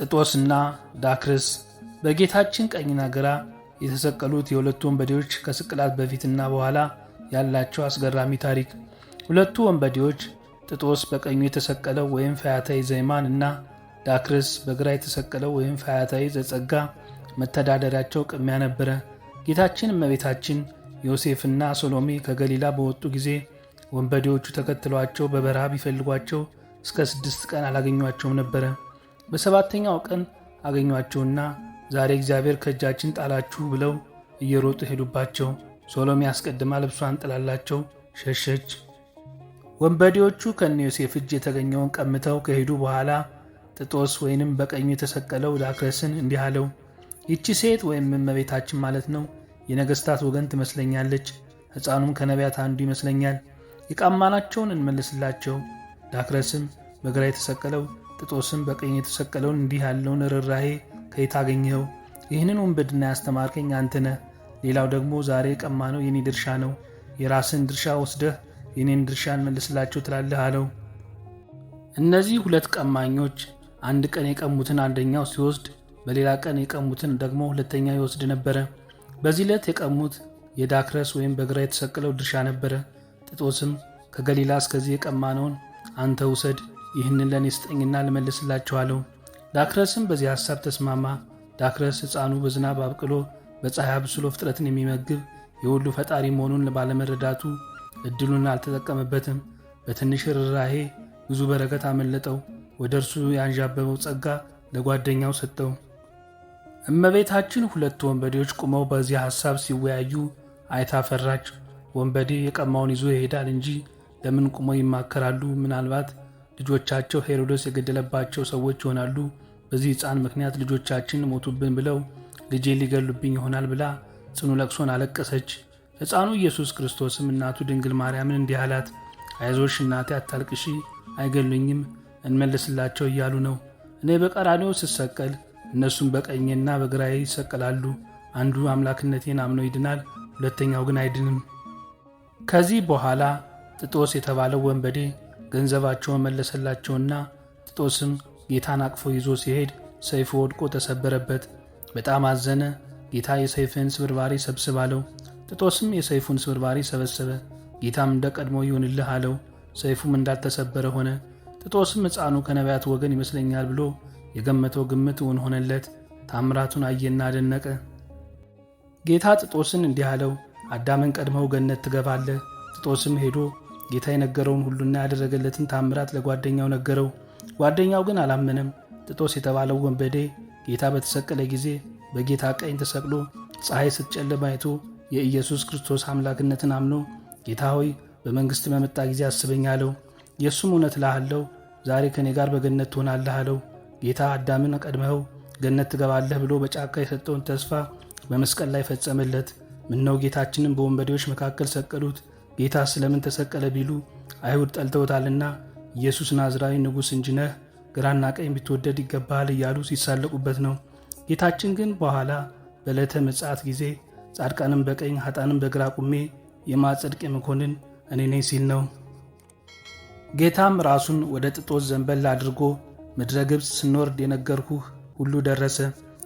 ጥጦስና ዳክርስ በጌታችን ቀኝና ግራ የተሰቀሉት የሁለቱ ወንበዴዎች ከስቅላት በፊትና በኋላ ያላቸው አስገራሚ ታሪክ። ሁለቱ ወንበዴዎች ጥጦስ በቀኙ የተሰቀለው ወይም ፈያታዊ ዘይማን እና ዳክርስ በግራ የተሰቀለው ወይም ፈያታዊ ዘጸጋ መተዳደሪያቸው ቅሚያ ነበረ። ጌታችን እመቤታችን ዮሴፍና ሶሎሜ ከገሊላ በወጡ ጊዜ ወንበዴዎቹ ተከትሏቸው በበረሃ ቢፈልጓቸው እስከ ስድስት ቀን አላገኟቸውም ነበረ። በሰባተኛው ቀን አገኟቸውና ዛሬ እግዚአብሔር ከእጃችን ጣላችሁ ብለው እየሮጡ ሄዱባቸው። ሶሎሜ አስቀድማ ልብሷን ጥላላቸው ሸሸች። ወንበዴዎቹ ከነ ዮሴፍ እጅ የተገኘውን ቀምተው ከሄዱ በኋላ ጥጦስ ወይንም በቀኙ የተሰቀለው ዳክረስን እንዲህ አለው፣ ይቺ ሴት ወይም እመቤታችን ማለት ነው የነገሥታት ወገን ትመስለኛለች። ሕፃኑም ከነቢያት አንዱ ይመስለኛል። የቃማናቸውን እንመልስላቸው። ዳክረስም በግራ የተሰቀለው ጥጦስም በቀኝ የተሰቀለውን እንዲህ ያለውን ርኅራኄ ከየት አገኘኸው? ይህንን ወንበድና ያስተማርከኝ አንተ ነህ። ሌላው ደግሞ ዛሬ የቀማነው የኔ ድርሻ ነው፣ የራስን ድርሻ ወስደህ የኔን ድርሻ እንመልስላቸው ትላለህ አለው። እነዚህ ሁለት ቀማኞች አንድ ቀን የቀሙትን አንደኛው ሲወስድ፣ በሌላ ቀን የቀሙትን ደግሞ ሁለተኛው ይወስድ ነበረ። በዚህ ዕለት የቀሙት የዳክረስ ወይም በግራ የተሰቀለው ድርሻ ነበረ። ጥጦስም ከገሊላ እስከዚህ የቀማነውን አንተ ውሰድ ይህንን ለእኔ ስጠኝና ልመልስላችኋለሁ። ዳክረስም በዚህ ሐሳብ ተስማማ። ዳክረስ ሕፃኑ በዝናብ አብቅሎ በፀሐይ አብስሎ ፍጥረትን የሚመግብ የሁሉ ፈጣሪ መሆኑን ባለመረዳቱ እድሉን አልተጠቀመበትም። በትንሽ ርኅራኄ ብዙ በረከት አመለጠው። ወደ እርሱ ያንዣበበው ጸጋ ለጓደኛው ሰጠው። እመቤታችን ሁለት ወንበዴዎች ቁመው በዚህ ሐሳብ ሲወያዩ አይታ ፈራች። ወንበዴ የቀማውን ይዞ ይሄዳል እንጂ ለምን ቁመው ይማከራሉ? ምናልባት ልጆቻቸው ሄሮድስ የገደለባቸው ሰዎች ይሆናሉ። በዚህ ሕፃን ምክንያት ልጆቻችን ሞቱብን ብለው ልጄ ሊገሉብኝ ይሆናል ብላ ጽኑ ለቅሶን አለቀሰች። ሕፃኑ ኢየሱስ ክርስቶስም እናቱ ድንግል ማርያምን እንዲህ አላት፣ አይዞሽ እናቴ አታልቅሺ፣ አይገሉኝም እንመልስላቸው እያሉ ነው። እኔ በቀራንዮ ስሰቀል እነሱም በቀኜና በግራዬ ይሰቀላሉ። አንዱ አምላክነቴን አምኖ ይድናል፣ ሁለተኛው ግን አይድንም። ከዚህ በኋላ ጥጦስ የተባለው ወንበዴ ገንዘባቸውን መለሰላቸውና ጢጦስም ጌታን አቅፎ ይዞ ሲሄድ ሰይፉ ወድቆ ተሰበረበት። በጣም አዘነ። ጌታ የሰይፍን ስብርባሪ ሰብስብ አለው። ጢጦስም የሰይፉን ስብርባሪ ሰበሰበ። ጌታም እንደ ቀድሞ ይሁንልህ አለው። ሰይፉም እንዳልተሰበረ ሆነ። ጢጦስም ሕፃኑ ከነቢያት ወገን ይመስለኛል ብሎ የገመተው ግምት እውን ሆነለት። ታምራቱን አየና አደነቀ። ጌታ ጢጦስን እንዲህ አለው፣ አዳምን ቀድመው ገነት ትገባለህ። ጢጦስም ሄዶ ጌታ የነገረውን ሁሉና ያደረገለትን ታምራት ለጓደኛው ነገረው። ጓደኛው ግን አላመነም። ጥጦስ የተባለው ወንበዴ ጌታ በተሰቀለ ጊዜ በጌታ ቀኝ ተሰቅሎ ፀሐይ ስትጨልም ማየቱ የኢየሱስ ክርስቶስ አምላክነትን አምኖ ጌታ ሆይ በመንግሥት በመጣ ጊዜ አስበኝ አለው። የእሱም እውነት ላሃለው ዛሬ ከእኔ ጋር በገነት ትሆናለህ አለው። ጌታ አዳምን ቀድመኸው ገነት ትገባለህ ብሎ በጫካ የሰጠውን ተስፋ በመስቀል ላይ ፈጸመለት። ምነው ጌታችንን በወንበዴዎች መካከል ሰቀሉት ጌታ ስለምን ተሰቀለ ቢሉ አይሁድ ጠልተውታልና ኢየሱስ ናዝራዊ ንጉሥ እንጂ ነህ፣ ግራና ቀኝ ብትወደድ ይገባሃል እያሉ ሲሳለቁበት ነው። ጌታችን ግን በኋላ በዕለተ ምጽአት ጊዜ ጻድቃንም በቀኝ ኃጣንም በግራ ቁሜ የማጸድቅ መኮንን እኔ ነኝ ሲል ነው። ጌታም ራሱን ወደ ጥጦስ ዘንበል አድርጎ ምድረ ግብፅ ስንወርድ የነገርኩህ ሁሉ ደረሰ፣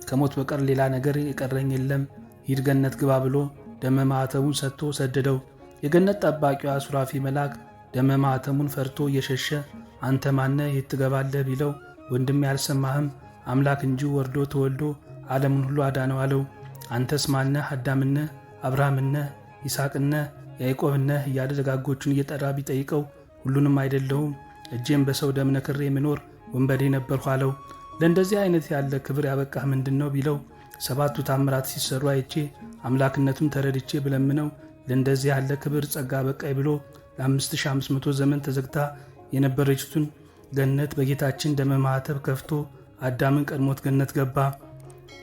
ከሞት በቀር ሌላ ነገር የቀረኝ የለም፣ ሂድ ገነት ግባ ብሎ ደመ ማኅተቡን ሰጥቶ ሰደደው። የገነት ጠባቂዋ ሱራፊ መልአክ ደመ ማኅተሙን ፈርቶ እየሸሸ አንተ ማነ የትገባለህ ቢለው ወንድም ያልሰማህም አምላክ እንጂ ወርዶ ተወልዶ ዓለምን ሁሉ አዳነው አለው። አንተስ ማነህ አዳምነህ አብርሃምነህ ይስሐቅነህ ያዕቆብነህ እያለ ደጋጎቹን እየጠራ ቢጠይቀው ሁሉንም አይደለሁም እጄም በሰው ደም ነክሬ የምኖር ወንበዴ ነበርሁ አለው። ለእንደዚህ አይነት ያለ ክብር ያበቃህ ምንድን ነው ቢለው ሰባቱ ታምራት ሲሰሩ አይቼ አምላክነቱን ተረድቼ ብለምነው ለእንደዚህ ያለ ክብር ጸጋ በቃይ ብሎ ለ5500 ዘመን ተዘግታ የነበረችቱን ገነት በጌታችን ደመ ማኅተብ ከፍቶ አዳምን ቀድሞት ገነት ገባ።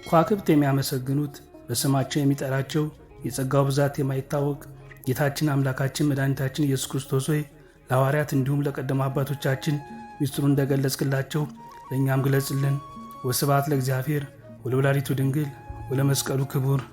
ከዋክብት የሚያመሰግኑት በስማቸው የሚጠራቸው የጸጋው ብዛት የማይታወቅ ጌታችን አምላካችን መድኃኒታችን ኢየሱስ ክርስቶስ ሆይ ለሐዋርያት እንዲሁም ለቀደሙ አባቶቻችን ሚስጥሩ እንደገለጽክላቸው ለእኛም ግለጽልን። ወስብሐት ለእግዚአብሔር ወለወላዲቱ ድንግል ወለመስቀሉ ክቡር